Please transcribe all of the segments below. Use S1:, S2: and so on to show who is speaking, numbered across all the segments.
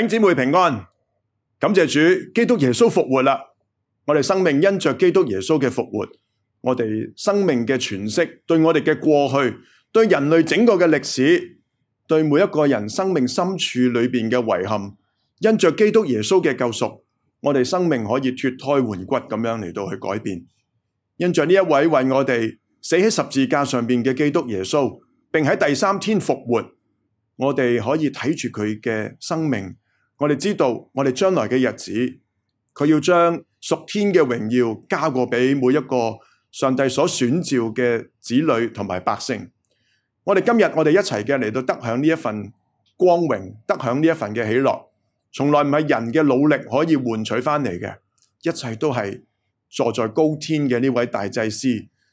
S1: 兄弟姐妹平安，感謝主，基督耶穌復活啦！我哋生命因着基督耶穌嘅復活，我哋生命嘅詮釋，對我哋嘅過去，對人類整個嘅歷史，對每一個人生命深處裏邊嘅遺憾，因着基督耶穌嘅救贖，我哋生命可以脫胎換骨咁樣嚟到去改變。因着呢一位為我哋死喺十字架上面嘅基督耶穌，並喺第三天復活，我哋可以睇住佢嘅生命。我哋知道，我哋將來嘅日子，佢要將屬天嘅榮耀交過俾每一個上帝所選召嘅子女同埋百姓。我哋今日我哋一齊嘅嚟到得享呢一份光榮，得享呢一份嘅喜樂，從來唔係人嘅努力可以換取翻嚟嘅，一切都係坐在高天嘅呢位大祭司，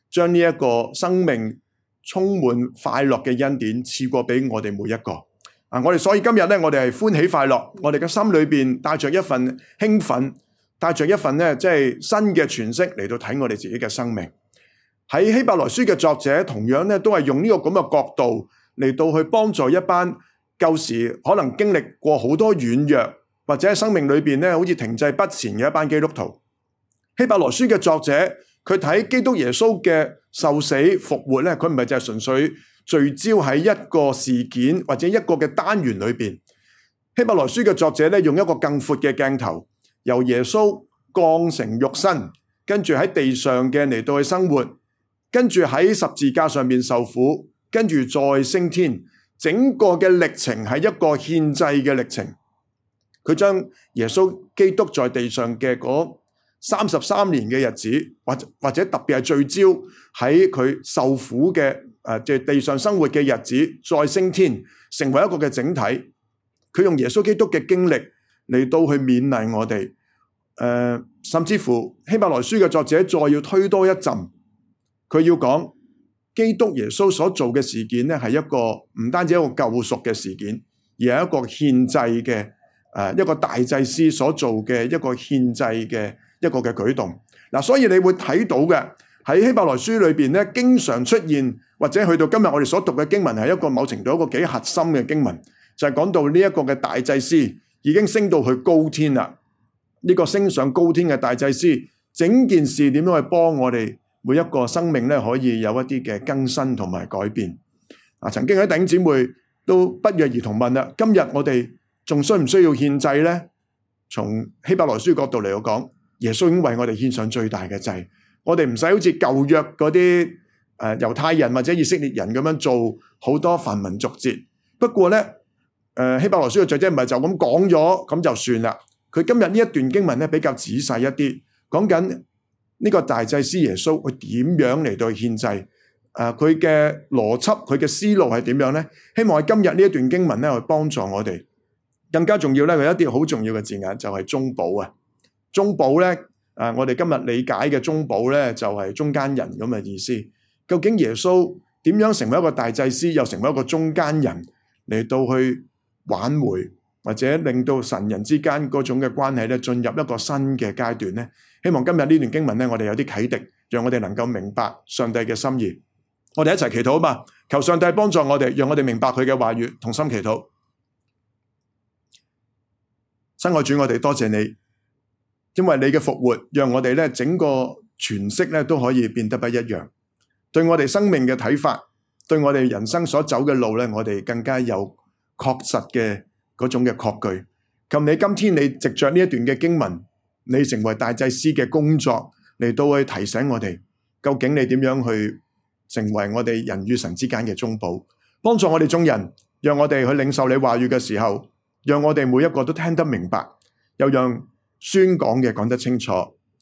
S1: 將呢一個生命充滿快樂嘅恩典賜過俾我哋每一個。啊！我哋所以今日呢，我哋係歡喜快樂，我哋嘅心裏邊帶着一份興奮，帶着一份咧，即係新嘅詮釋嚟到睇我哋自己嘅生命。喺希伯來書嘅作者同樣呢，都係用呢個咁嘅角度嚟到去幫助一班舊時可能經歷過好多軟弱或者生命裏邊咧，好似停滯不前嘅一班基督徒。希伯來書嘅作者佢睇基督耶穌嘅受死復活呢，佢唔係就係純粹。聚焦喺一個事件或者一個嘅單元裏邊，《希伯來書》嘅作者咧用一個更闊嘅鏡頭，由耶穌降成肉身，跟住喺地上嘅嚟到去生活，跟住喺十字架上面受苦，跟住再升天，整個嘅歷程係一個獻祭嘅歷程。佢將耶穌基督在地上嘅嗰三十三年嘅日子，或者或者特別係聚焦喺佢受苦嘅。誒，即係地上生活嘅日子再升天，成為一個嘅整體。佢用耶穌基督嘅經歷嚟到去勉勵我哋。誒、呃，甚至乎希伯來書嘅作者再要推多一陣，佢要講基督耶穌所做嘅事件呢，係一個唔單止一個救贖嘅事件，而係一個獻祭嘅誒，一個大祭司所做嘅一個獻祭嘅一個嘅舉動。嗱、呃，所以你會睇到嘅喺希伯來書裏邊呢，經常出現。或者去到今日，我哋所讀嘅經文係一個某程度一個幾核心嘅經文，就係講到呢一個嘅大祭司已經升到去高天啦。呢個升上高天嘅大祭司，整件事點樣去幫我哋每一個生命呢？可以有一啲嘅更新同埋改變？啊，曾經有弟兄姊妹都不約而同問啦：「今日我哋仲需唔需要獻祭呢？」從希伯來書角度嚟講，耶穌已經為我哋獻上最大嘅祭，我哋唔使好似舊約嗰啲。誒，猶太人或者以色列人咁樣做好多泛民族節。不過咧，誒希伯來書嘅作者唔係就咁講咗，咁就算啦。佢今日呢一段經文咧比較仔細一啲，講緊呢個大祭司耶穌佢點樣嚟到獻祭？誒，佢嘅邏輯，佢嘅思路係點樣咧？希望喺今日呢一段經文咧，去幫助我哋。更加重要咧，有一啲好重要嘅字眼就係中保啊！中保咧，啊，我哋今日理解嘅中保咧，就係中間人咁嘅意思。究竟耶穌點樣成為一個大祭司，又成為一個中間人嚟到去挽回，或者令到神人之間嗰種嘅關係呢，進入一個新嘅階段呢？希望今日呢段經文呢，我哋有啲啟迪，讓我哋能夠明白上帝嘅心意。我哋一齊祈禱啊嘛，求上帝幫助我哋，讓我哋明白佢嘅話語，同心祈禱。親愛主我們，我哋多謝你，因為你嘅復活，讓我哋呢整個詮釋呢都可以變得不一樣。對我哋生命嘅睇法，對我哋人生所走嘅路呢，我哋更加有確實嘅嗰種嘅確據。咁你今天你藉着呢一段嘅經文，你成為大祭司嘅工作，你都會提醒我哋，究竟你點樣去成為我哋人與神之間嘅中保，幫助我哋眾人，讓我哋去領受你話語嘅時候，讓我哋每一個都聽得明白，又讓宣講嘅講得清楚，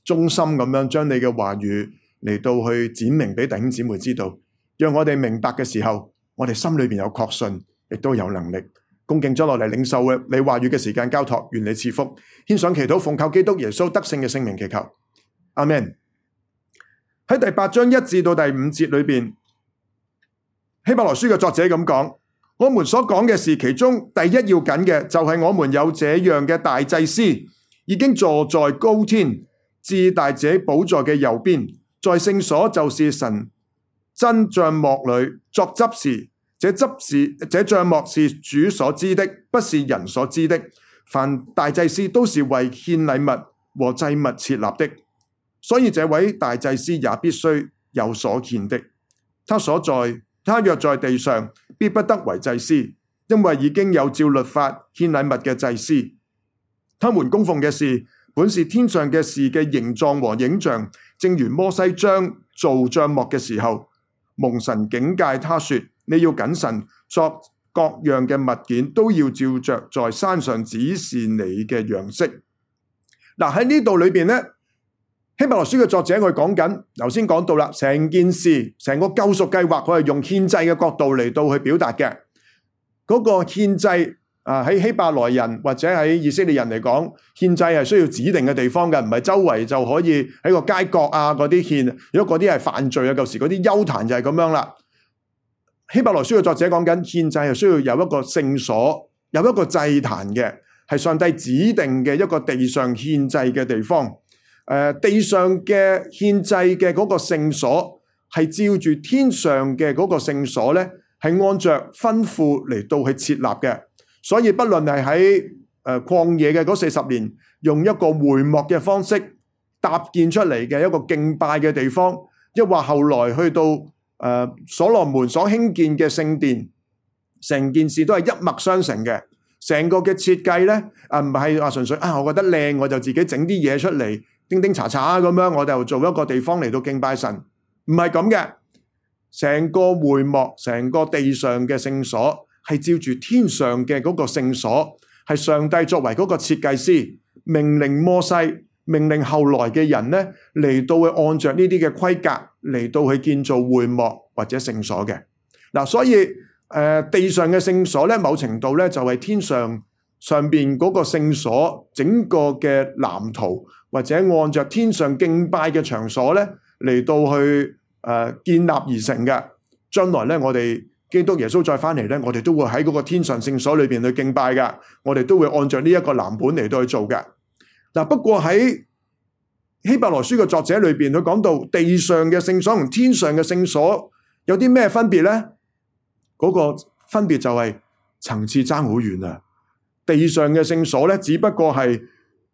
S1: 忠心咁樣將你嘅話語。嚟到去展明俾弟兄姊妹知道，讓我哋明白嘅時候，我哋心裏面有確信，亦都有能力恭敬咗落嚟領受你話語嘅時間交託，願你賜福。獻上祈禱，奉靠基督耶穌得勝嘅聖名祈求。阿 Man 喺第八章一至到第五節裏面，希伯來書嘅作者咁講：，我們所講嘅事，其中第一要緊嘅，就係我們有這樣嘅大祭司，已經坐在高天至大者寶座嘅右邊。在聖所，就是神真帳幕裏作執事，這執事這帳幕是主所知的，不是人所知的。凡大祭司都是為獻禮物和祭物設立的，所以這位大祭司也必須有所獻的。他所在，他若在地上，必不得為祭司，因為已經有照律法獻禮物嘅祭司。他們供奉嘅是。本是天上嘅事嘅形狀和影像，正如摩西將做帳幕嘅時候，蒙神警戒，他說：你要謹慎作各樣嘅物件，都要照着在山上指示你嘅樣式。嗱喺呢度裏邊呢，《希伯來書》嘅作者佢講緊，頭先講到啦，成件事、成個救贖計劃，佢係用獻祭嘅角度嚟到去表達嘅，嗰個獻祭。啊，喺希伯來人或者喺以色列人嚟講，獻祭係需要指定嘅地方嘅，唔係周圍就可以喺個街角啊，嗰啲獻。如果嗰啲係犯罪啊，舊時嗰啲邱壇就係咁樣啦。希伯來書嘅作者講緊，獻祭係需要有一個聖所，有一個祭壇嘅，係上帝指定嘅一個地上獻祭嘅地方。誒、呃，地上嘅獻祭嘅嗰個聖所係照住天上嘅嗰個聖所咧，係按着吩咐嚟到去設立嘅。所以，不論係喺誒曠野嘅嗰四十年，用一個會幕嘅方式搭建出嚟嘅一個敬拜嘅地方，抑或後來去到、呃、所羅門所興建嘅聖殿，成件事都係一脈相承嘅。成個嘅設計呢，啊唔係話純粹啊，我覺得靚我就自己整啲嘢出嚟，叮叮查查咁樣，我就做一個地方嚟到敬拜神，唔係咁嘅。成個會幕，成個地上嘅聖所。係照住天上嘅嗰個聖所，係上帝作為嗰個設計師，命令摩西，命令後來嘅人咧，嚟到去按着呢啲嘅規格嚟到去建造會幕或者聖所嘅。嗱，所以誒地上嘅聖所咧，某程度咧就係天上上邊嗰個聖所整個嘅藍圖，或者按着天上敬拜嘅場所咧嚟到去誒建立而成嘅。將來咧，我哋。基督耶穌再翻嚟，咧，我哋都會喺嗰個天上聖所裏面去敬拜嘅，我哋都會按照呢一個藍本嚟都去做嘅。不過喺希伯來書嘅作者裏面，佢講到地上嘅聖所同天上嘅聖所有啲咩分別呢？嗰個分別就係層次差好遠啊！地上嘅聖所咧，只不過係。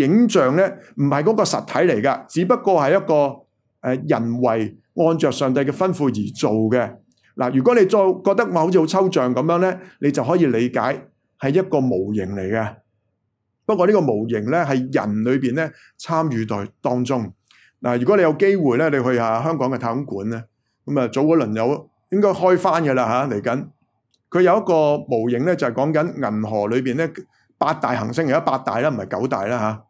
S1: 影像咧，唔係嗰個實體嚟噶只不過係一個誒人為按著上帝嘅吩咐而做嘅。嗱，如果你再覺得我好似好抽象咁樣咧，你就可以理解係一個模型嚟嘅。不過呢個模型咧，係人裏邊咧參與在當中。嗱，如果你有機會咧，你去下香港嘅太空館咧，咁啊早嗰輪有應該開翻噶啦吓，嚟緊佢有一個模型咧，就係講緊銀河裏邊咧八大行星，而家八大啦，唔係九大啦吓。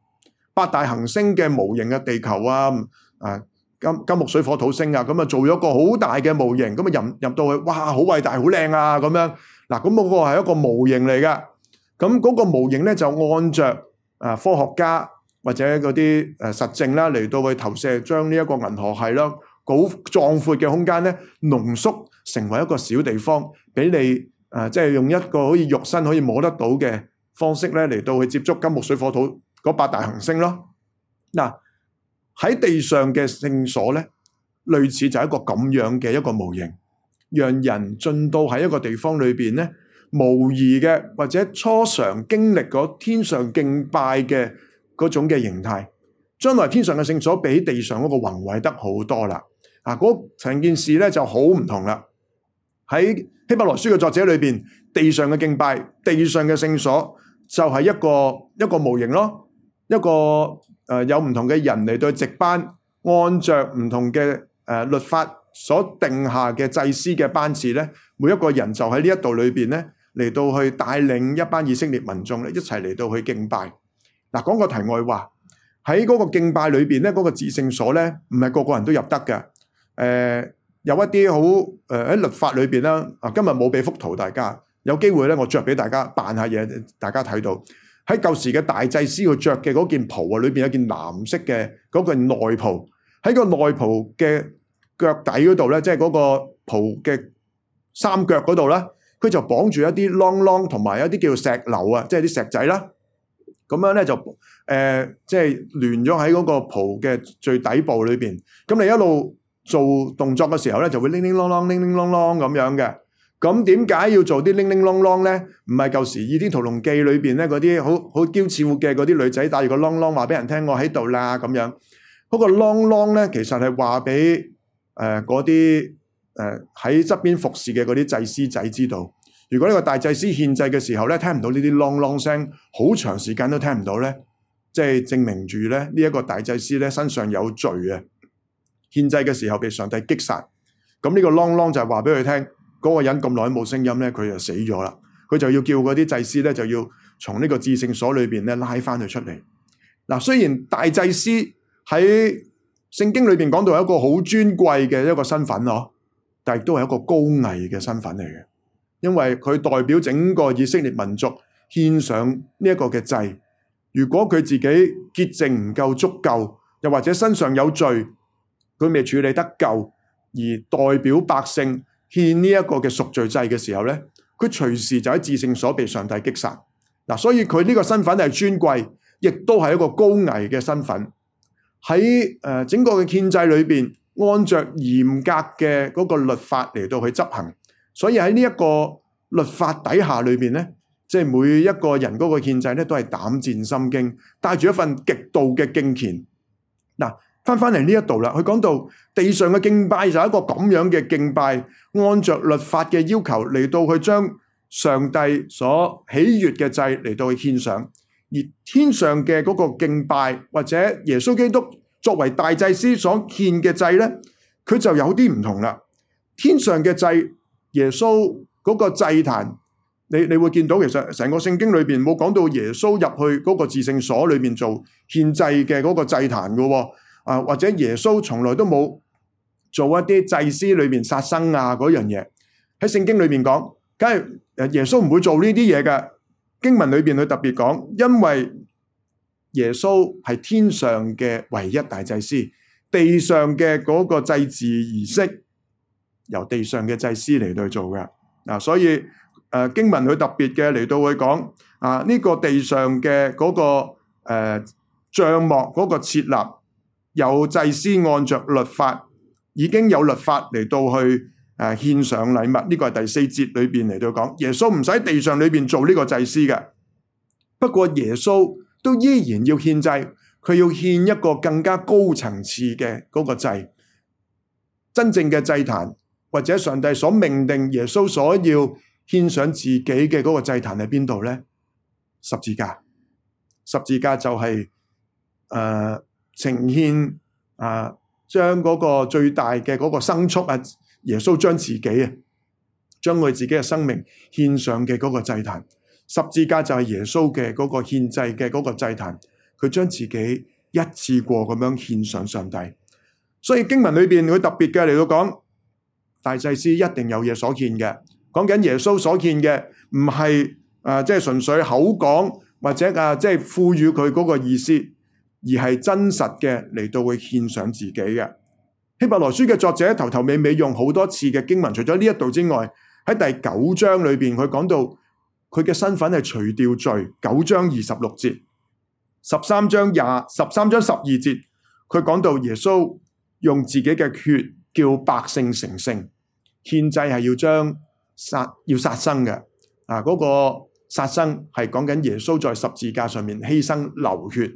S1: 八大行星嘅模型嘅地球啊，啊金金木水火土星啊，咁啊做咗個好大嘅模型，咁啊入入到去，哇，好偉大，好靚啊，咁樣，嗱，咁嗰個係一個模型嚟噶，咁嗰個模型咧就按着啊科學家或者嗰啲誒實證啦嚟到去投射，將呢一個銀河系咯好壯闊嘅空間咧濃縮成為一個小地方，俾你啊即係用一個可以肉身可以摸得到嘅方式咧嚟到去接觸金木水火土。個八大行星咯，嗱、啊、喺地上嘅聖所呢，類似就是一個咁樣嘅一個模型，讓人進到喺一個地方裏邊呢，無疑嘅或者初嘗經歷過天上敬拜嘅嗰種嘅形態。將來天上嘅聖所比地上嗰個宏偉得好多啦，啊，嗰成件事呢就好唔同啦。喺希伯來書嘅作者裏邊，地上嘅敬拜，地上嘅聖所就係一個一個模型咯。一個誒有唔同嘅人嚟到值班，按着唔同嘅誒、呃、律法所定下嘅祭司嘅班次咧，每一個人就喺呢一度裏邊咧嚟到去帶領一班以色列民眾咧，一齊嚟到去敬拜。嗱、啊，講個題外話喺嗰個敬拜裏邊咧，嗰、那個至聖所咧唔係個個人都入得嘅。誒、呃，有一啲好誒喺律法裏邊啦、啊，今日冇俾幅圖大家，有機會咧我着俾大家扮下嘢，大家睇到。喺舊時嘅大祭司佢著嘅嗰件袍啊，裏邊有件藍色嘅嗰件內袍，喺個內袍嘅腳底嗰度呢，即係嗰個袍嘅三腳嗰度呢，佢就綁住一啲啷啷同埋一啲叫石榴啊，即係啲石仔啦。咁樣呢，就誒，即係連咗喺嗰個袍嘅最底部裏邊。咁你一路做動作嘅時候呢，就會叮叮啷啷、叮叮啷啷咁樣嘅。咁點解要做啲鈴鈴啷啷呢？唔係舊時《倚天屠龍記裏》裏面咧嗰啲好好嬌俏嘅嗰啲女仔帶住個啷啷話俾人聽，我喺度啦咁樣。嗰、那個啷啷咧，其實係話俾誒嗰啲誒喺側邊服侍嘅嗰啲祭司仔知道。如果呢個大祭司獻祭嘅時候咧，聽唔到呢啲啷啷聲，好長時間都聽唔到呢，即、就、係、是、證明住咧呢一、這個大祭司咧身上有罪啊。獻祭嘅時候被上帝擊殺，咁呢個啷啷就係話俾佢聽。嗰個人咁耐冇聲音咧，佢就死咗啦。佢就要叫嗰啲祭司咧，就要從呢個至聖所裏面咧拉返佢出嚟。嗱，雖然大祭司喺聖經裏面講到係一個好尊貴嘅一個身份咯，但係都係一個高危嘅身份嚟嘅，因為佢代表整個以色列民族獻上呢一個嘅祭。如果佢自己潔淨唔夠足夠，又或者身上有罪，佢未處理得夠，而代表百姓。獻呢一個嘅贖罪祭嘅時候呢，佢隨時就喺至聖所被上帝擊殺，所以佢呢個身份係尊貴，亦都係一個高危嘅身份。喺整個嘅獻祭裏面，按著嚴格嘅嗰個律法嚟到去執行，所以喺呢一個律法底下裏面，呢即係每一個人嗰個獻祭咧都係膽戰心驚，帶住一份極度嘅敬虔翻返嚟呢一度啦，佢講到地上嘅敬拜就係一個咁樣嘅敬拜，按着律法嘅要求嚟到去將上帝所喜悅嘅祭嚟到去獻上，而天上嘅嗰個敬拜或者耶穌基督作為大祭司所獻嘅祭咧，佢就有啲唔同啦。天上嘅祭，耶穌嗰個祭壇，你你會見到其實成個聖經裏邊冇講到耶穌入去嗰個至聖所裏邊做獻祭嘅嗰個祭壇㗎喎。啊，或者耶穌從來都冇做一啲祭司裏面殺生啊嗰樣嘢，喺聖經裏面講，梗係耶穌唔會做呢啲嘢嘅。經文裏邊佢特別講，因為耶穌係天上嘅唯一大祭司，地上嘅嗰個祭祀儀式，由地上嘅祭司嚟到去做嘅。嗱、啊，所以誒、呃、經文佢特別嘅嚟到去講啊，呢、這個地上嘅嗰、那個誒帳、呃、幕嗰個設立。有祭司按着律法已經有律法嚟到去誒獻上禮物，呢、呢個係第四節裏邊嚟到講耶穌唔使地上裏邊做呢個祭司嘅，不過耶穌都依然要獻祭，佢要獻一個更加高層次嘅嗰個祭，真正嘅祭壇或者上帝所命令耶穌所要獻上自己嘅嗰個祭壇喺邊度咧？十字架，十字架就係、是、誒。呃呈現啊，將嗰個最大嘅嗰個牲畜啊，耶穌將自己啊，將佢自己嘅生命獻上嘅嗰個祭壇，十字架就係耶穌嘅嗰個獻祭嘅嗰個祭壇，佢將自己一次過咁樣獻上上帝。所以經文裏邊會特別嘅嚟到講，大祭司一定有嘢所獻嘅，講緊耶穌所獻嘅唔係啊，即係純粹口講或者啊，即係賦予佢嗰個意思。而係真實嘅嚟到會獻上自己嘅。希伯來書嘅作者頭頭尾尾用好多次嘅經文，除咗呢一度之外，喺第九章裏面，佢講到佢嘅身份係除掉罪。九章二十六節，十三章廿十三章十二節，佢講到耶穌用自己嘅血叫百姓成聖，獻祭係要將殺要殺生嘅啊。嗰個殺生係講緊耶穌在十字架上面犧牲流血。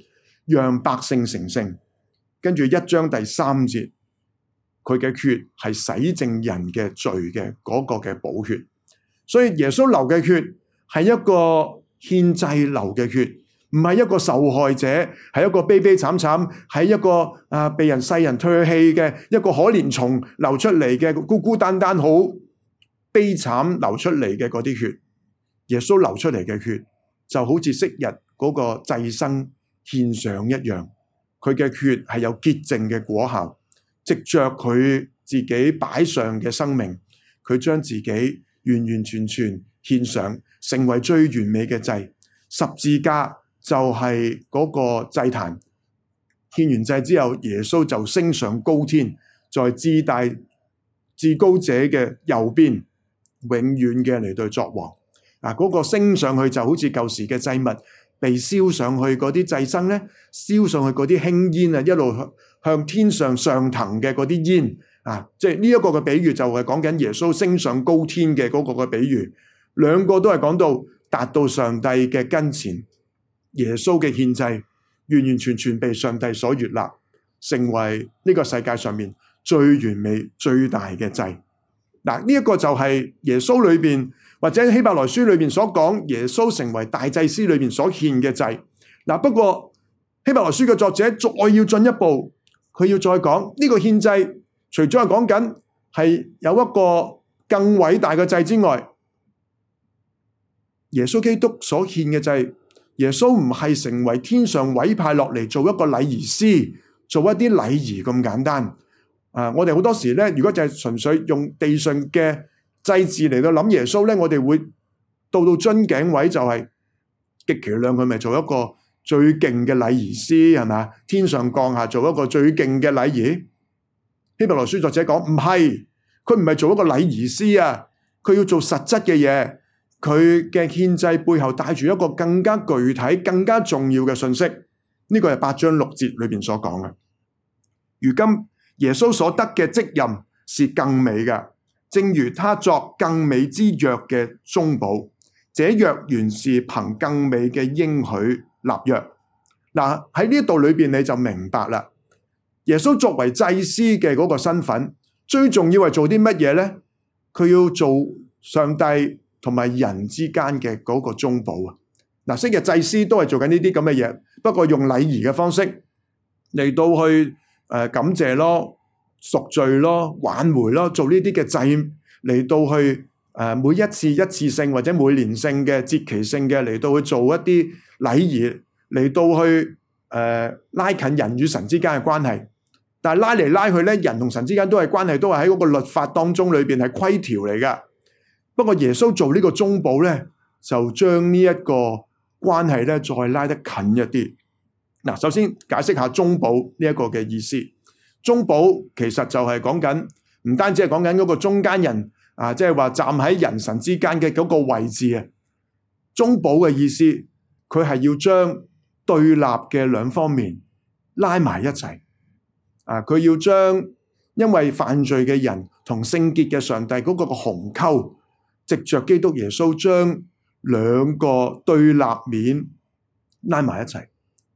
S1: 讓百姓成聖，跟住一章第三節，佢嘅血係洗淨人嘅罪嘅嗰、嗰個嘅寶血，所以耶穌流嘅血係一個獻祭流嘅血，唔係一個受害者，係一個悲悲慘慘，係一個啊被人世人唾棄嘅一個可憐蟲流出嚟嘅孤孤單單好悲慘流出嚟嘅嗰啲血，耶穌流出嚟嘅血就好似昔日嗰個祭牲。獻上一樣，佢嘅血係有潔淨嘅果效，藉着佢自己擺上嘅生命，佢將自己完完全全獻上，成為最完美嘅祭。十字架就係嗰個祭壇，獻完祭之後，耶穌就升上高天，在至大至高者嘅右邊，永遠嘅嚟到作王。嗱，嗰個升上去就好似舊時嘅祭物。被燒上去嗰啲祭牲咧，燒上去嗰啲輕煙啊，一路向向天上上騰嘅嗰啲煙啊，即係呢一個嘅比喻就係講緊耶穌升上高天嘅嗰個嘅比喻，兩個都係講到達到上帝嘅跟前，耶穌嘅獻祭完完全全被上帝所悅納，成為呢個世界上面最完美最大嘅祭。嗱，呢個就係耶穌裏面，或者希伯來書裏面所講耶穌成為大祭司裏面所獻嘅祭。嗱，不過希伯來書嘅作者再要進一步，佢要再講呢、呢個獻祭，除咗話講緊係有一個更偉大嘅祭之外，耶穌基督所獻嘅祭，耶穌唔係成為天上委派落嚟做一個禮儀師，做一啲禮儀咁簡單。啊！我哋好多時咧，如果就係純粹用地上嘅祭祀嚟到諗耶穌呢，我哋會到到樽頸位就係極其量佢咪做一個最勁嘅禮儀師係嘛？天上降下做一個最勁嘅禮儀。希伯來書作者講唔係，佢唔係做一個禮儀師啊！佢要做實質嘅嘢，佢嘅獻祭背後帶住一個更加具體、更加重要嘅信息。呢、這個係八章六節裏面所講嘅。如今。耶穌所得嘅職任是更美嘅，正如他作更美之約嘅中保，這約原是憑更美嘅應許立約。嗱喺呢度裏邊你就明白啦。耶穌作為祭司嘅嗰個身份，最重要係做啲乜嘢呢？佢要做上帝同埋人之間嘅嗰個中保啊！嗱，昔日祭司都係做緊呢啲咁嘅嘢，不過用禮儀嘅方式嚟到去。誒、呃，感謝咯，贖罪咯，挽回咯，做呢啲嘅祭嚟到去誒、呃，每一次一次性或者每年性嘅節期性嘅嚟到去做一啲禮儀嚟到去誒、呃，拉近人與神之間嘅關係。但係拉嚟拉去咧，人同神之間都係關係，都係喺嗰個律法當中裏邊係規條嚟㗎。不過耶穌做呢個中保咧，就將呢一個關係咧再拉得近一啲。首先解釋下中保呢一個嘅意思。中保其實就係講緊唔單止係講緊嗰個中間人啊，即係話站喺人神之間嘅嗰個位置啊。中保嘅意思，佢係要將對立嘅兩方面拉埋一齊啊！佢要將因為犯罪嘅人同聖潔嘅上帝嗰個個鴻溝，藉著基督耶穌將兩個對立面拉埋一齊啊。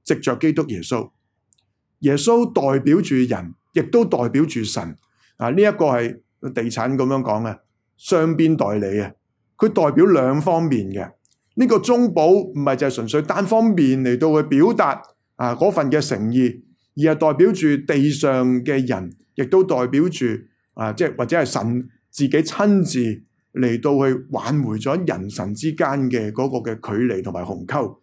S1: 藉著基督耶穌，耶穌代表住人，亦都代表住神啊！呢一個係地產咁樣講嘅，雙邊代理啊，佢代表兩方面嘅。呢個中保唔係就係純粹單方面嚟到去表達啊嗰份嘅誠意，而係代表住地上嘅人，亦都代表住啊，即係或者係神自己親自嚟到去挽回咗人神之間嘅嗰個嘅距離同埋鴻溝，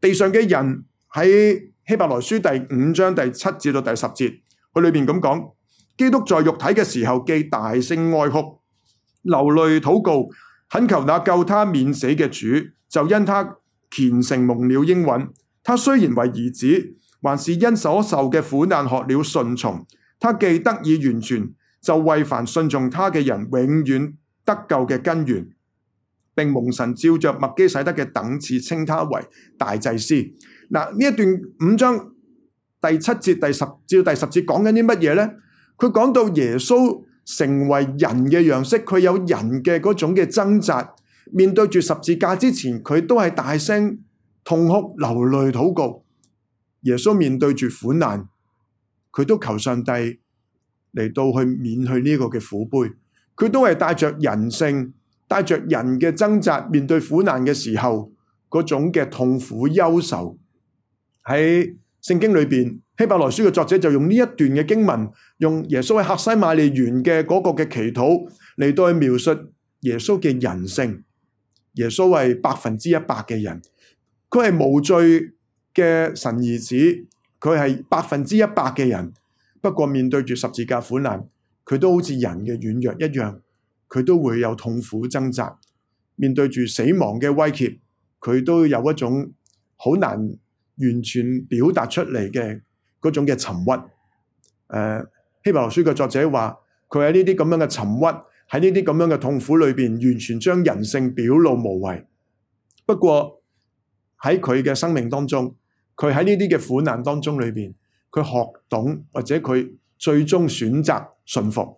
S1: 地上嘅人。喺希伯來書第五章第七至到第十節，佢裏邊咁講：基督在肉體嘅時候，既大聲哀哭，流淚禱告，懇求那救他免死嘅主，就因他虔誠蒙了應允。他雖然為兒子，還是因所受嘅苦難學了順從。他既得以完全，就為凡信從他嘅人永遠得救嘅根源。並蒙神照着麥基洗德嘅等次稱他為大祭司。嗱，呢一段五章第七節第十至第十節講緊啲乜嘢咧？佢講到耶穌成為人嘅樣式，佢有人嘅嗰種嘅掙扎，面對住十字架之前，佢都係大聲痛哭流淚禱告。耶穌面對住苦難，佢都求上帝嚟到去免去呢個嘅苦杯。佢都係帶着人性。帶着人嘅掙扎，面對苦難嘅時候，嗰種嘅痛苦憂愁。喺聖經裏邊，希伯來書嘅作者就用呢一段嘅經文，用耶穌喺客西馬尼園嘅嗰個嘅祈禱嚟到去描述耶穌嘅人性。耶穌係百分之一百嘅人，佢係無罪嘅神兒子，佢係百分之一百嘅人。不過面對住十字架苦難，佢都好似人嘅軟弱一樣。佢都會有痛苦掙扎，面對住死亡嘅威脅，佢都有一種好難完全表達出嚟嘅嗰種嘅沉鬱。誒、呃，《希伯來書》嘅作者話：佢喺呢啲咁樣嘅沉鬱，喺呢啲咁樣嘅痛苦裏邊，完全將人性表露無遺。不過喺佢嘅生命當中，佢喺呢啲嘅苦難當中裏邊，佢學懂或者佢最終選擇信服。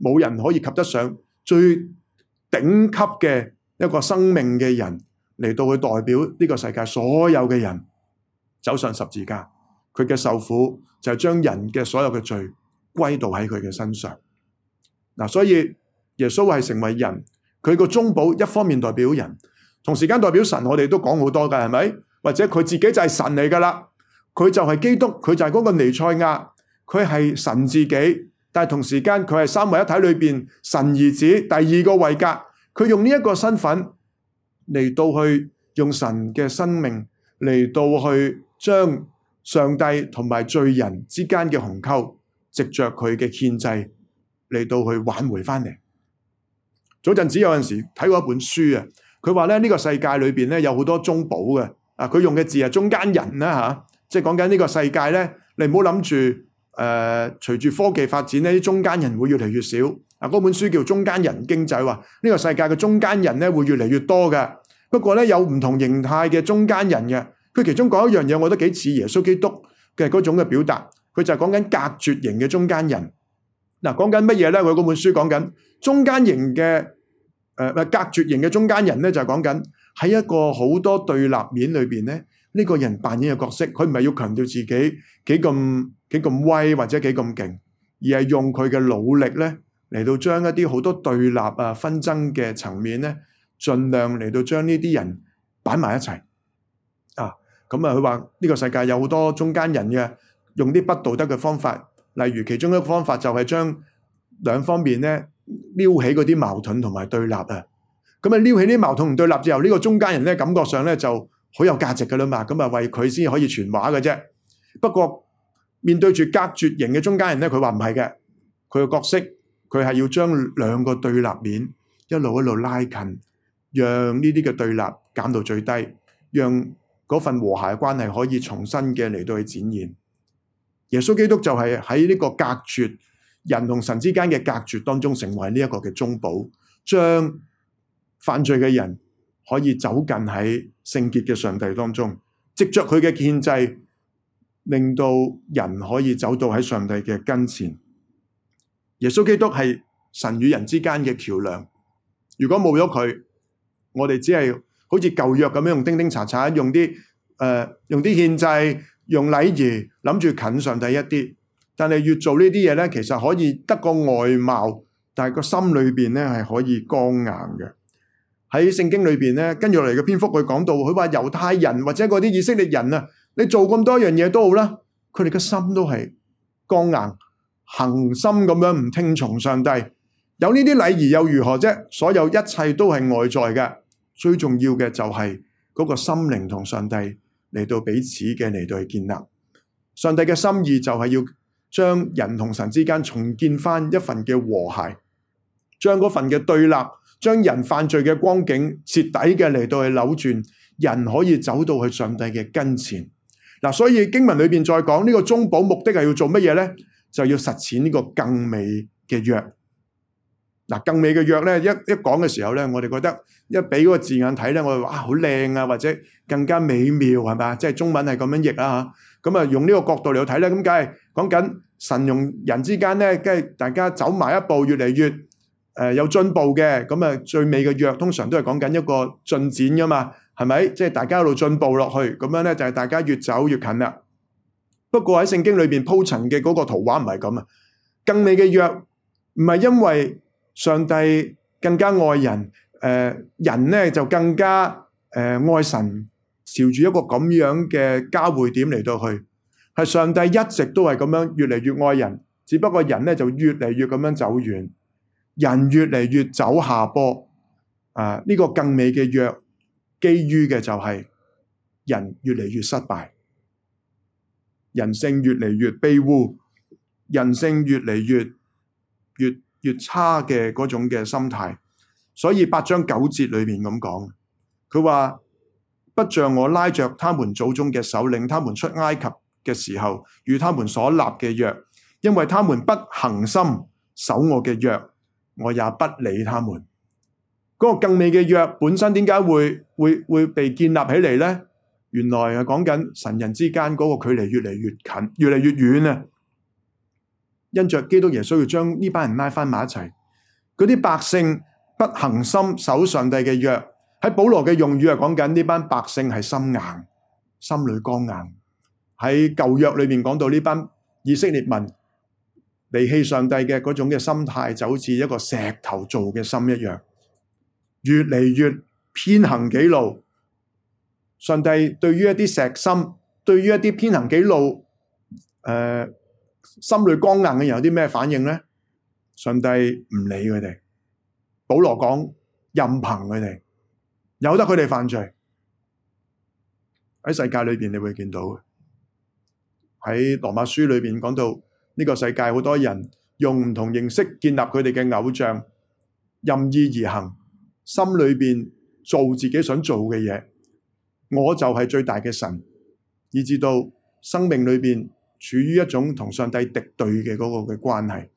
S1: 冇人可以及得上最頂級嘅一個生命嘅人嚟到去代表呢個世界所有嘅人走上十字架，佢嘅受苦就係將人嘅所有嘅罪歸到喺佢嘅身上。啊，所以耶穌係成為人，佢個中保一方面代表人，同時間代表神。我哋都講好多噶，係咪？或者佢自己就係神嚟噶啦？佢就係基督，佢就係嗰個彌賽亞，佢係神自己。但同時間，佢係三位一體裏面神兒子第二個位格，佢用呢一個身份嚟到去用神嘅生命嚟到去將上帝同埋罪人之間嘅鴻溝，藉著佢嘅獻祭嚟到去挽回翻嚟。早陣子有陣時睇過一本書啊，佢話咧呢、這個世界裏面咧有好多中保嘅啊，佢用嘅字啊中間人啊。即係講緊呢個世界呢，你唔好諗住。誒、呃，隨住科技發展，呢啲中間人會越嚟越少。嗱，嗰本書叫《中間人經濟》話，呢個世界嘅中間人咧會越嚟越多嘅。不過呢，有唔同形態嘅中間人嘅，佢其中講一樣嘢，我覺得幾似耶穌基督嘅嗰種嘅表達。佢就係講緊隔絕型嘅中間人。嗱、啊，講緊乜嘢呢？我嗰本書講緊中間型嘅誒，呃、隔絕型嘅中間人呢，就係講緊喺一個好多對立面裏邊呢。呢個人扮演嘅角色，佢唔係要強調自己幾咁幾咁威或者幾咁勁，而係用佢嘅努力咧嚟到將一啲好多對立啊紛爭嘅層面咧，盡量嚟到將呢啲人擺埋一齊啊！咁啊，佢話呢個世界有好多中間人嘅，用啲不道德嘅方法，例如其中一個方法就係將兩方面咧撩起嗰啲矛盾同埋對立啊！咁啊，撩起啲矛盾同對立之後，呢個中間人咧感覺上咧就，好有價值噶啦嘛，咁咪為佢先可以傳話嘅啫。不過面對住隔絕型嘅中間人呢，佢話唔係嘅，佢嘅角色佢係要將兩個對立面一路一路拉近，讓呢啲嘅對立減到最低，讓嗰份和諧關係可以重新嘅嚟到去展現。耶穌基督就係喺呢個隔絕人同神之間嘅隔絕當中，成為呢一個嘅中保，將犯罪嘅人，可以走近喺聖潔嘅上帝當中，藉着佢嘅獻祭，令到人可以走到喺上帝嘅跟前。耶穌基督係神與人之間嘅橋梁。如果冇咗佢，我哋只係好似舊約咁樣用叮叮查查，用啲誒用啲獻祭，用禮儀，諗住近上帝一啲。但係越做呢啲嘢咧，其實可以得個外貌，但係個心裏邊咧係可以剛硬嘅。喺聖經裏面，咧，跟住落嚟嘅篇幅佢講到，佢話猶太人或者嗰啲以色列人啊，你做咁多樣嘢都好啦，佢哋嘅心都係剛硬，恒心咁樣唔聽從上帝。有呢啲禮儀又如何啫？所有一切都係外在嘅，最重要嘅就係嗰個心靈同上帝嚟到彼此嘅嚟到來建立。上帝嘅心意就係要將人同神之間重建返一份嘅和諧，將嗰份嘅對立。將人犯罪嘅光景徹底嘅嚟到去扭轉，人可以走到去上帝嘅跟前。嗱、啊，所以經文裏面再講呢、這個中保目的係要做乜嘢呢？就要實踐呢個更美嘅約。嗱、啊，更美嘅約呢，一一講嘅時候呢，我哋覺得一俾嗰個字眼睇呢，我哋話哇好靚啊，或者更加美妙係嘛？即係中文係咁樣譯啊吓。咁啊、嗯、用呢個角度嚟去睇呢？咁梗係講緊神同人之間呢，梗係大家走埋一步，越嚟越。誒、呃，有進步嘅，咁啊，最美嘅約通常都係講緊一個進展噶嘛，係咪？即係大家一路進步落去，咁樣咧就係大家越走越近啦。不過喺聖經裏邊鋪陳嘅嗰個圖畫唔係咁啊，更美嘅約唔係因為上帝更加愛人，誒、呃、人咧就更加誒、呃、愛神，朝住一個咁樣嘅交匯點嚟到去，係上帝一直都係咁樣越嚟越愛人，只不過人咧就越嚟越咁樣走遠。人越嚟越走下坡，啊！呢個更美嘅約基於嘅就係人越嚟越失敗，人性越嚟越卑污，人性越嚟越越，越差嘅嗰種嘅心態。所以八章九節裏面咁講，佢話，不像我拉着他們祖宗嘅手，領他們出埃及嘅時候與他們所立嘅約，因為他們不恒心守我嘅約。我也不理他們。嗰、那個更美嘅約本身點解會會會被建立起嚟呢？原來啊，講緊神人之間嗰個距離越嚟越近，越嚟越遠啊！因着基督耶穌要將呢班人拉翻埋一齊，嗰啲百姓不恆心守上帝嘅約。喺保羅嘅用語啊，講緊呢班百姓係心硬，心裏剛硬。喺舊約裏面講到呢班以色列民。離棄上帝嘅嗰種嘅心態，就好似一個石頭做嘅心一樣，越嚟越偏行己路。上帝對於一啲石心，對於一啲偏行己路，誒、呃，心裡剛硬嘅人有啲咩反應呢？上帝唔理佢哋。保羅講任憑佢哋，由得佢哋犯罪。喺世界裡面，你會見到嘅。喺羅馬書裡面講到。呢個世界好多人用唔同形式建立佢哋嘅偶像，任意而行，心裏邊做自己想做嘅嘢。我就係最大嘅神，以至到生命裏邊處於一種同上帝敵對嘅嗰個嘅關係。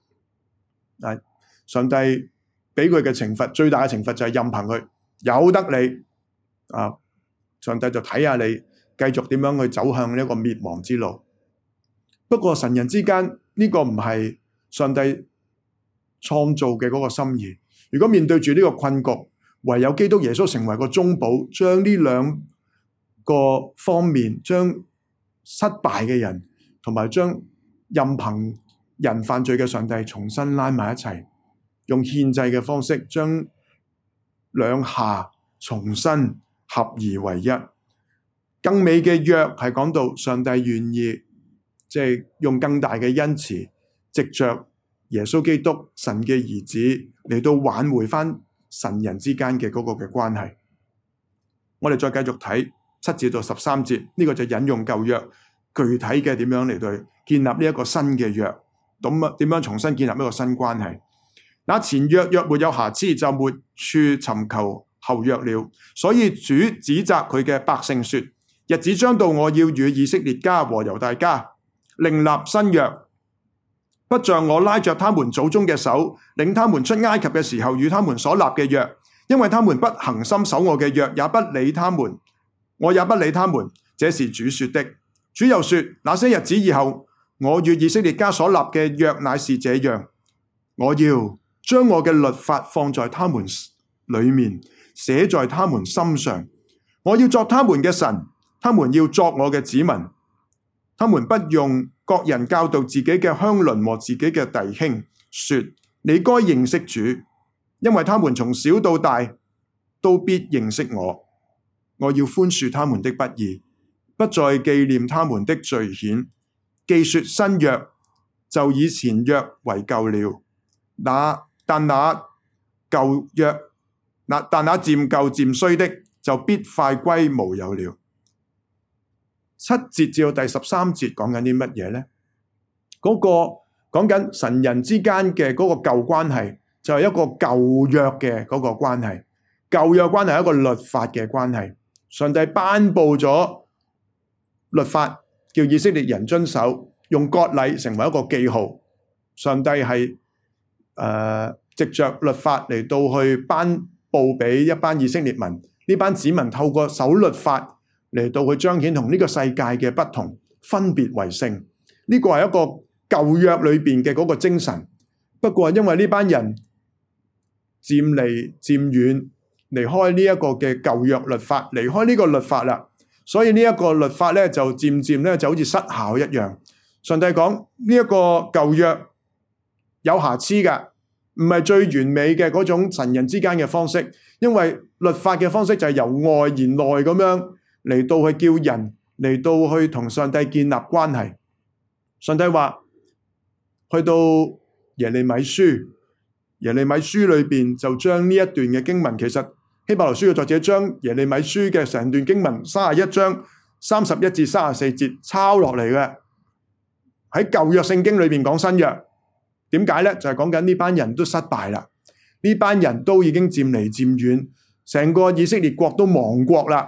S1: 上帝畀佢嘅懲罰，最大嘅懲罰就係任憑佢，由得你啊，上帝就睇下你繼續點樣去走向呢個滅亡之路。不過神人之間。呢個唔係上帝創造嘅嗰個心意。如果面對住呢個困局，唯有基督耶穌成為個中保，將呢兩個方面，將失敗嘅人同埋將任憑人犯罪嘅上帝，重新拉埋一齊，用獻祭嘅方式，將兩下重新合而為一。更美嘅約係講到上帝願意。即係用更大嘅恩慈，藉着耶穌基督神嘅兒子嚟到挽回翻神人之間嘅嗰個嘅關係。我哋再繼續睇七至到十三節呢、這個就引用舊約具體嘅點樣嚟對建立呢一個新嘅約，咁啊點樣重新建立一個新關係？那前約若，若沒有瑕疵，就沒處尋求後約了。所以主指責佢嘅百姓說：日子將到，我要與以色列家和猶大家。另立新約，不像我拉着他們祖宗嘅手，領他們出埃及嘅時候與他們所立嘅約，因為他們不恆心守我嘅約，也不理他們，我也不理他們。這是主說的。主又說：那些日子以後，我與以色列家所立嘅約乃是這樣，我要將我嘅律法放在他們裏面，寫在他們心上，我要作他們嘅神，他們要作我嘅子民。他們不用各人教導自己嘅鄉鄰和自己嘅弟兄，說，你該認識主，因為他們從小到大都必認識我。我要寬恕他們的不義，不再紀念他們的罪愆。既說新約，就以前約為舊了。那但那舊約，那但那漸舊漸衰的，就必快歸無有了。七節至到第十三節講緊啲乜嘢呢？嗰、那個講緊神人之間嘅嗰個舊關係，就係、是、一個舊約嘅嗰個關係。舊約關係係一個律法嘅關係。上帝頒布咗律法，叫以色列人遵守，用割禮成為一個記號。上帝係誒、呃、藉著律法嚟到去頒布畀一班以色列民，呢班子民透過守律法。嚟到去彰顯同呢個世界嘅不同，分別為聖。呢、這個係一個舊約裏面嘅嗰個精神。不過因為呢班人漸離漸遠，離開呢一個嘅舊約律法，離開呢個律法啦，所以呢一個律法呢，就漸漸咧就好似失效一樣。上帝講呢一個舊約有瑕疵嘅，唔係最完美嘅嗰種神人之間嘅方式，因為律法嘅方式就係由外而內咁樣嚟到去叫人嚟到去同上帝建立關係，上帝話去到耶利米書，耶利米書裏邊就將呢一段嘅經文，其實希伯來書嘅作者將耶利米書嘅成段經文三十一章三十一至三十四節抄落嚟嘅，喺舊約聖經裏面講新約，點解呢？就係講緊呢班人都失敗啦，呢班人都已經漸離漸遠，成個以色列國都亡國啦。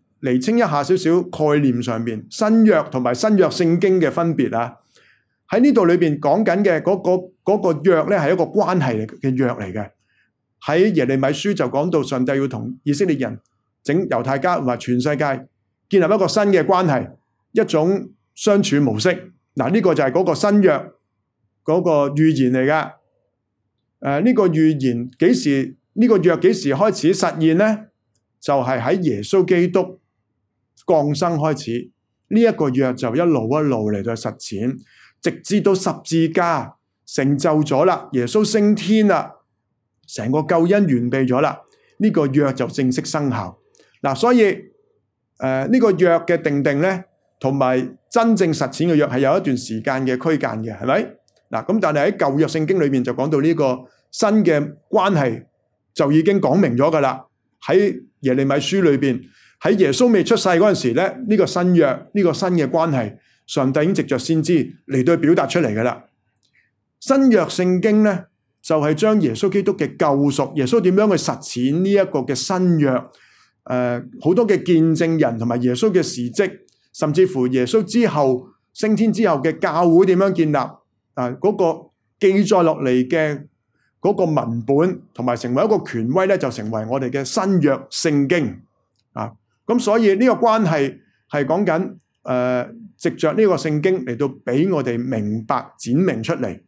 S1: 釐清一下少少概念上面，新約同埋新約聖經嘅分別啊。喺呢度裏面講緊嘅嗰個嗰、嗰個約咧，係一個關係嘅約嚟嘅。喺耶利米書就講到，上帝要同以色列人、整猶太家同埋全世界建立一個新嘅關係，一種相處模式。嗱，呢、呢個就係嗰個新約嗰、嗰個預言嚟噶。誒、呃，呢、呢個預言幾時？呢、呢個約幾時開始實現呢？就係、係、喺耶穌基督。降生開始，呢一個約就一路一路嚟到實踐，直至到十字架成就咗啦，耶穌升天啦，成個救恩完備咗啦，呢個約就正式生效。嗱，所以誒呢個約嘅定定咧，同埋真正實踐嘅約係有一段時間嘅區間嘅，係咪？嗱，咁但係喺舊約聖經裏邊就講到呢個新嘅關係就已經講明咗噶啦，喺耶利米書裏邊。喺耶穌未出世嗰陣時咧，呢個新約呢個新嘅關係，上帝已經藉着先知嚟到表達出嚟噶啦。新約聖經咧就係將耶穌基督嘅救贖，耶穌點樣去實踐呢一個嘅新約？誒，好多嘅見證人同埋耶穌嘅事跡，甚至乎耶穌之後升天之後嘅教會點樣建立？啊，嗰個記載落嚟嘅嗰個文本，同埋成為一個權威咧，就成為我哋嘅新約聖經啊。咁所以呢個關係係講緊誒，藉着呢個聖經嚟到俾我哋明白展明出嚟。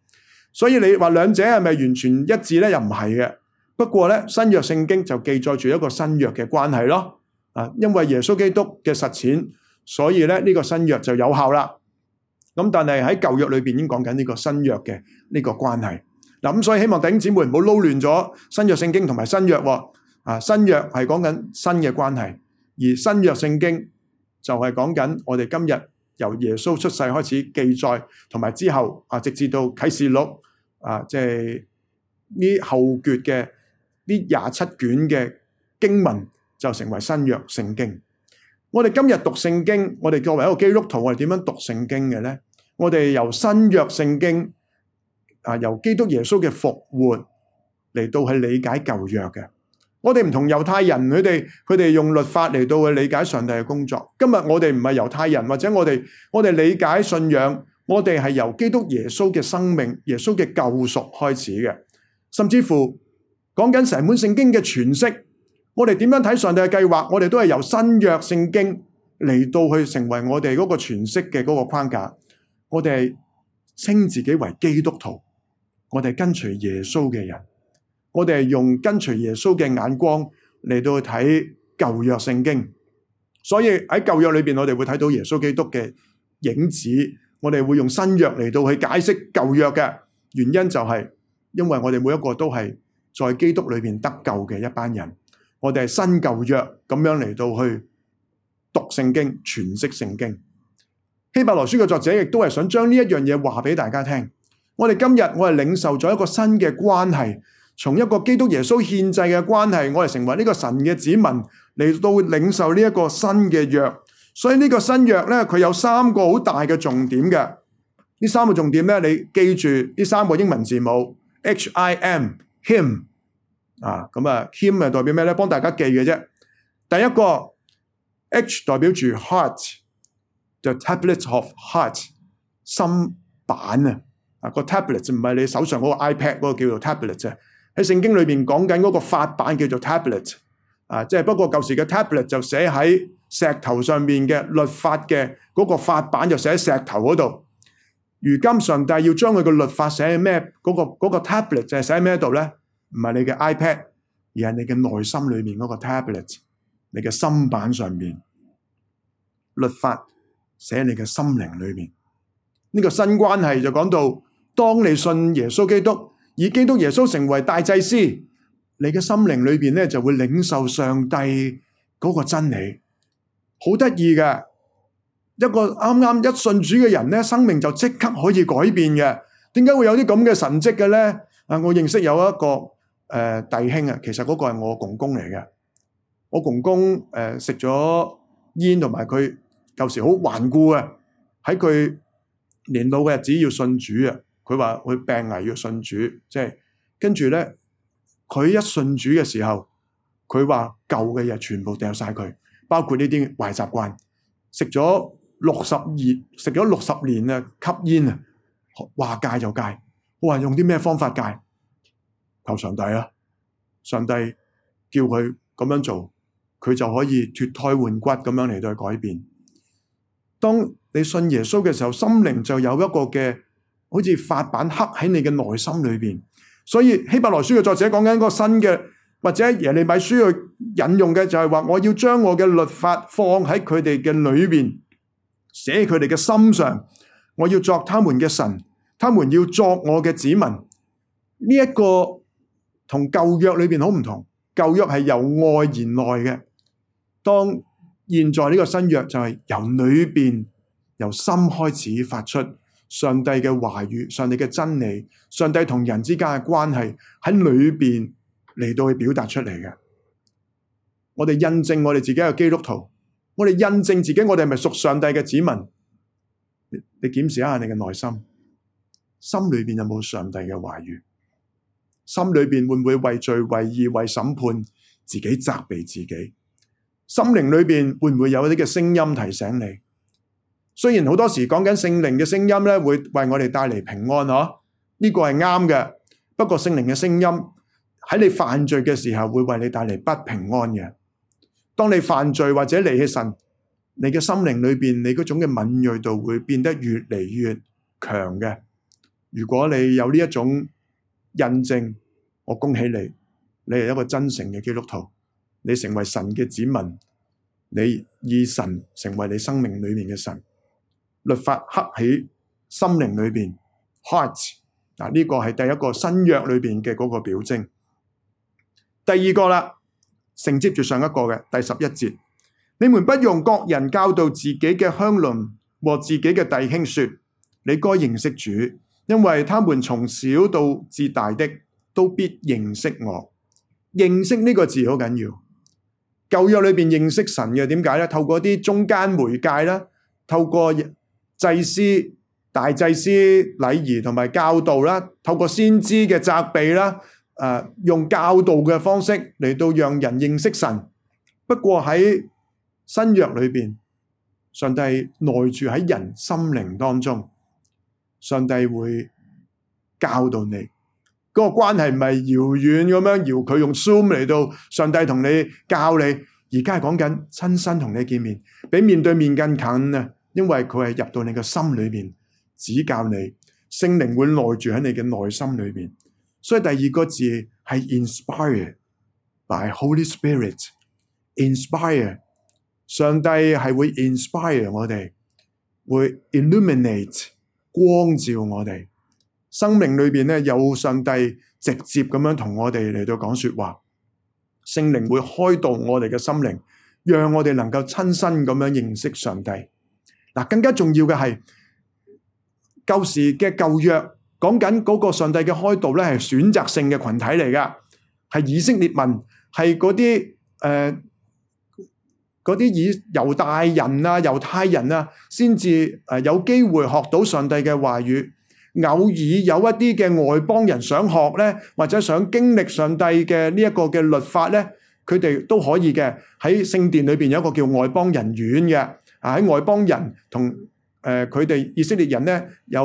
S1: 所以你話兩者係咪完全一致咧？又唔係嘅。不過呢新約聖經就記載住一個新約嘅關係咯。啊，因為耶穌基督嘅實踐，所以咧呢個新約就有效啦。咁但係喺舊約裏面已經講緊呢個新約嘅呢個關係。嗱，咁所以希望弟兄姊妹唔好撈亂咗新約聖經同埋新約喎。啊，新約係講緊新嘅關係。而新約聖經就係講緊我哋今日由耶穌出世開始記載，同埋之後啊，直至到啟示錄啊，即係呢後決嘅呢廿七卷嘅經文就成為新約聖經。我哋今日讀聖經，我哋作為一個基督徒，我哋點樣讀聖經嘅咧？我哋由新約聖經啊，由基督耶穌嘅復活嚟到去理解舊約嘅。我哋唔同猶太人，佢哋佢哋用律法嚟到去理解上帝嘅工作。今日我哋唔係猶太人，或者我哋我哋理解信仰，我哋係由基督耶穌嘅生命、耶穌嘅救贖開始嘅。甚至乎講緊成本聖經嘅詮釋，我哋點樣睇上帝嘅計劃，我哋都係由新約聖經嚟到去成為我哋嗰個詮釋嘅嗰個框架。我哋係稱自己為基督徒，我哋跟隨耶穌嘅人。我哋係用跟隨耶穌嘅眼光嚟到去睇舊約聖經，所以喺舊約裏面，我哋會睇到耶穌基督嘅影子。我哋會用新約嚟到去解釋舊約嘅原因，就係因為我哋每一個都係在基督裏面得救嘅一班人。我哋係新舊約咁樣嚟到去讀聖經、詮釋聖經。希伯來書嘅作者亦都係想將呢一樣嘢話俾大家聽。我哋今日，我哋領受咗一個新嘅關係。從一個基督耶穌獻祭嘅關係，我哋成為呢個神嘅子民嚟到領受呢一個新嘅約。所以呢個新約咧，佢有三個好大嘅重點嘅。呢三個重點咧，你記住呢三個英文字母 H I M，him 啊，咁啊 him 係代表咩咧？幫大家記嘅啫。第一個 H 代表住 heart，the tablet of heart 心板啊，啊、這個 tablet 唔係你手上嗰個 iPad 嗰個叫做 tablet 啊。喺聖經裏面講緊嗰個法版叫做 tablet 啊，即係不過舊時嘅 tablet 就寫喺石頭上面嘅律法嘅，嗰個法版就寫喺石頭嗰度。如今上帝要將佢嘅律法寫喺咩，嗰個嗰個 tablet 就係寫喺咩度咧？唔係你嘅 iPad，而係你嘅內心裏面嗰個 tablet，你嘅心板上面，律法寫喺你嘅心靈裏面。呢個新關係就講到，當你信耶穌基督。以基督耶穌成為大祭司，你嘅心靈裏面就會領受上帝嗰個真理，好得意嘅。一個啱啱一信主嘅人，生命就即刻可以改變嘅。點解會有啲咁嘅神迹嘅呢？我認識有一個誒、呃、弟兄啊，其實嗰個係我公公嚟嘅。我公公誒、呃、食咗煙同埋佢舊時好頑固嘅，喺佢年老嘅日子要信主啊。佢話佢病危要信主，即係跟住咧，佢一信主嘅時候，佢話舊嘅嘢全部掉晒佢，包括呢啲壞習慣，食咗六十二，食咗六十年啊，吸煙啊，話戒就戒，話用啲咩方法戒，求上帝啊，上帝叫佢咁樣做，佢就可以脫胎換骨咁樣嚟到去改變。當你信耶穌嘅時候，心靈就有一個嘅。好似法版刻喺你嘅內心裏面。所以希伯來書嘅作者講緊一個新嘅，或者耶利米書去引用嘅就係話，我要將我嘅律法放喺佢哋嘅裏面，寫佢哋嘅心上，我要作他們嘅神，他們要作我嘅子民。呢一個同舊約裏面好唔同，舊約係由外而內嘅，當現在呢個新約就係由裏面、由心開始發出。上帝嘅話語、上帝嘅真理、上帝同人之間嘅關係喺裏邊嚟到去表達出嚟嘅，我哋印證我哋自己係基督徒，我哋印證自己，我哋係咪屬上帝嘅子民？你檢視一下你嘅內心，心裏邊有冇上帝嘅話語？心裏邊會唔會為罪、為義、為審判，自己責備自己？心靈裏邊會唔會有一啲嘅聲音提醒你？雖然好多時講緊聖靈嘅聲音咧，會為我哋帶嚟平安嗬，呢個係啱嘅。不過聖靈嘅聲音喺你犯罪嘅時候，會為你帶嚟不平安嘅。當你犯罪或者離棄神，你嘅心靈裏邊你嗰種嘅敏銳度會變得越嚟越強嘅。如果你有呢一種印證，我恭喜你，你係一個真誠嘅基督徒，你成為神嘅子民，你以神成為你生命裏面嘅神。律法刻喺心靈裏邊 heart 嗱，呢個係第一個新約裏邊嘅嗰個表徵。第二個啦，承接住上一個嘅第十一節，你們不用各人教導自己嘅鄉鄰和自己嘅弟兄說：你該認識主，因為他們從小到至大的都必認識我。認識呢個字好緊要，舊約裏邊認識神嘅點解咧？透過啲中間媒介啦，透過。祭司、大祭司禮儀同埋教導啦，透過先知嘅責備啦，誒、呃，用教導嘅方式嚟到讓人認識神。不過喺新約裏邊，上帝內住喺人心靈當中，上帝會教導你嗰、那個關係唔係遙遠咁樣，由佢用 Zoom 嚟到，上帝同你教你。而家係講緊親身同你見面，比面對面更近啊！因為佢係入到你嘅心裏面，指教你聖靈會內住喺你嘅內心裏面。所以第二個字係 inspire by Holy Spirit，inspire 上帝係會 inspire 我哋，會 illuminate 光照我哋，生命裏邊咧有上帝直接咁樣同我哋嚟到講說話，聖靈會開導我哋嘅心靈，讓我哋能夠親身咁樣認識上帝。更加重要嘅係舊時嘅舊約講緊嗰個上帝嘅開導咧，係選擇性嘅群體嚟㗎，係以色列民，係嗰啲誒嗰啲以猶大人啊、猶太人啊，先至有機會學到上帝嘅話語。偶爾有一啲嘅外邦人想學呢，或者想經歷上帝嘅呢一個嘅律法呢，佢哋都可以嘅。喺聖殿裏邊有一個叫外邦人院嘅。啊！喺外邦人同誒佢哋以色列人呢，有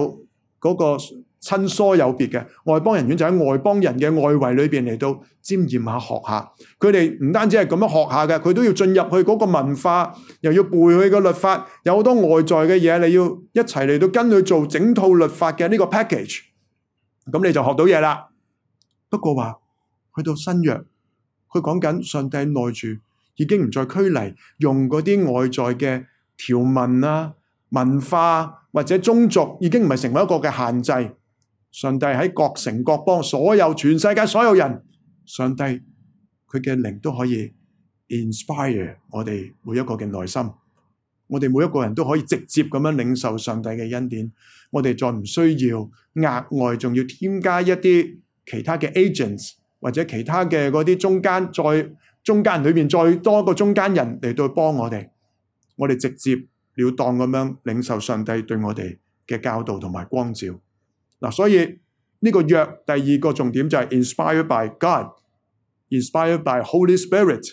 S1: 嗰個親疏有別嘅外邦人，遠就喺外邦人嘅外圍裏邊嚟到沾染下學下。佢哋唔單止係咁樣學下嘅，佢都要進入去嗰個文化，又要背佢個律法，有好多外在嘅嘢，你要一齊嚟到跟佢做整套律法嘅呢個 package。咁你就學到嘢啦。不過話去到新約，佢講緊上帝內住已經唔再拘泥，用嗰啲外在嘅。條文啊、文化啊、或者宗族已經唔係成為一個嘅限制。上帝喺各城各邦，所有全世界所有人，上帝佢嘅靈都可以 inspire 我哋每一個嘅內心。我哋每一個人都可以直接咁樣領受上帝嘅恩典。我哋再唔需要額外仲要添加一啲其他嘅 agents 或者其他嘅嗰啲中間再中間裏面，再多個中間人嚟到幫我哋。我哋直接了當咁樣領受上帝對我哋嘅教導同埋光照嗱、啊，所以呢、呢個約第二個重點就係 insp inspired by God，inspired by Holy Spirit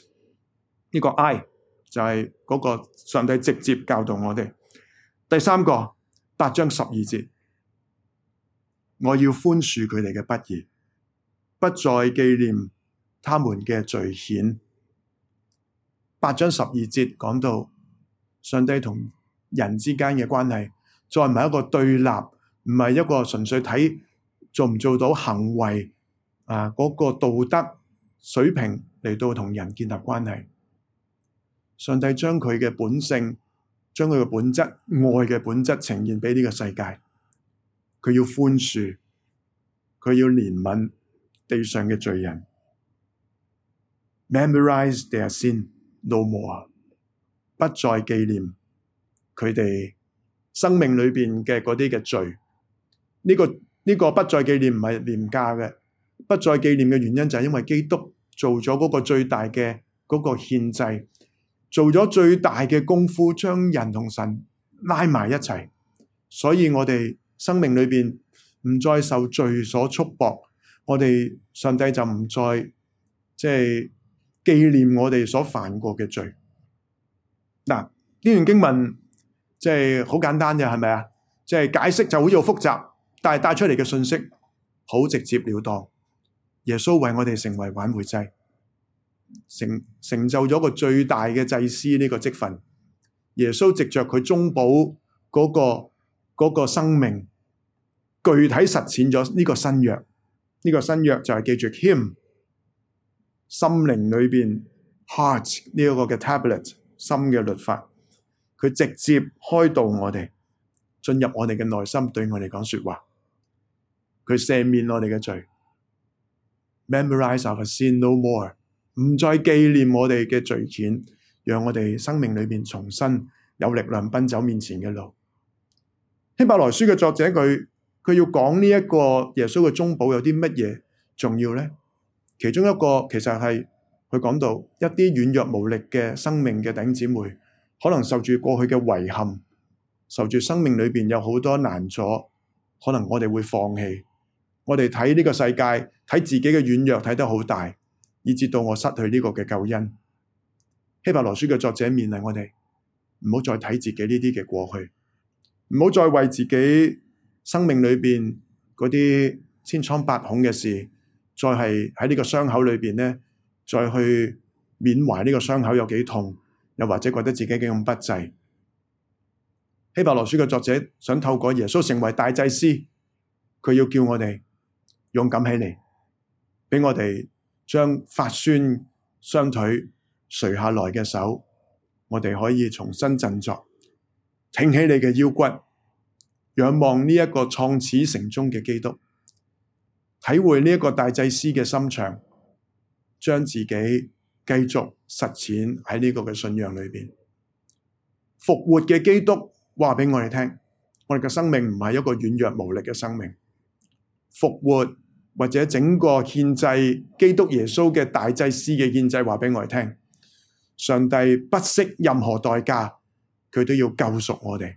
S1: 呢個 I 就係嗰個上帝直接教導我哋。第三個八章十二節，我要寬恕佢哋嘅不義，不再記念他們嘅罪愆。八章十二節講到。上帝同人之間嘅關係，再唔係一個對立，唔係一個純粹睇做唔做到行為啊嗰個道德水平嚟到同人建立關係。上帝將佢嘅本性、將佢嘅本質、愛嘅本質呈現畀呢個世界。佢要寬恕，佢要憐憫地上嘅罪人。 Memorize their sin no more. 不再紀念佢哋生命裏邊嘅嗰啲嘅罪，呢、這個呢、這個不再紀念唔係廉價嘅，不再紀念嘅原因就係因為基督做咗嗰個最大嘅嗰、那個獻祭，做咗最大嘅功夫，將人同神拉埋一齊，所以我哋生命裏邊唔再受罪所束縛，我哋上帝就唔再即係、就是、紀念我哋所犯過嘅罪。嗱，呢段經文即係好簡單啫，係咪啊？即係解釋就好似複雜，但係帶出嚟嘅信息好直接了當。耶穌為我哋成為挽回祭，成成就咗個最大嘅祭司呢個職份。耶穌藉着佢中保嗰個嗰個生命，具體實踐咗呢個新約。呢個新約就係記住 him 心靈裏邊 heart 呢一個嘅 tablet。心嘅律法，佢直接開導我哋，進入我哋嘅內心，對我哋講說話，佢赦免我哋嘅罪。Memorize our sin no more，唔再紀念我哋嘅罪愆，讓我哋生命裡面重新有力量奔走面前嘅路。希伯來書嘅作者佢佢要講呢一個耶穌嘅中保有啲乜嘢重要咧？其中一個其實係。佢講到一啲軟弱無力嘅生命嘅弟兄姊妹，可能受住過去嘅遺憾，受住生命裏邊有好多難阻，可能我哋會放棄，我哋睇呢個世界，睇自己嘅軟弱睇得好大，以至到我失去呢個嘅救恩。希伯來書嘅作者勉勵我哋，唔好再睇自己呢啲嘅過去，唔好再為自己生命裏邊嗰啲千瘡百孔嘅事，再係喺呢個傷口裏邊呢。再去緬懷呢個傷口有幾痛，又或者覺得自己幾咁不濟。希伯來書嘅作者想透過耶穌成為大祭司，佢要叫我哋勇敢起嚟，畀我哋將發酸雙腿垂下來嘅手，我哋可以重新振作，挺起你嘅腰骨，仰望呢一個創始成終嘅基督，體會呢一個大祭司嘅心腸。將自己繼續實踐喺呢個嘅信仰裏邊，復活嘅基督話俾我哋聽，我哋嘅生命唔係一個軟弱無力嘅生命。復活或者整個獻祭基督耶穌嘅大祭司嘅獻祭話俾我哋聽，上帝不惜任何代價，佢都要救贖我哋，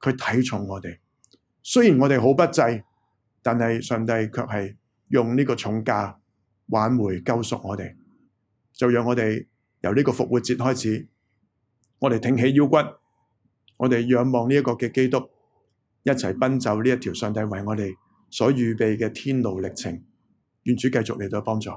S1: 佢睇重我哋。雖然我哋好不濟，但係上帝卻係用呢個重價。挽回救贖我哋，就讓我哋由呢個復活節開始，我哋挺起腰骨，我哋仰望呢一個嘅基督，一齊奔走呢一條上帝為我哋所預備嘅天路歷程。願主繼續嚟到幫助。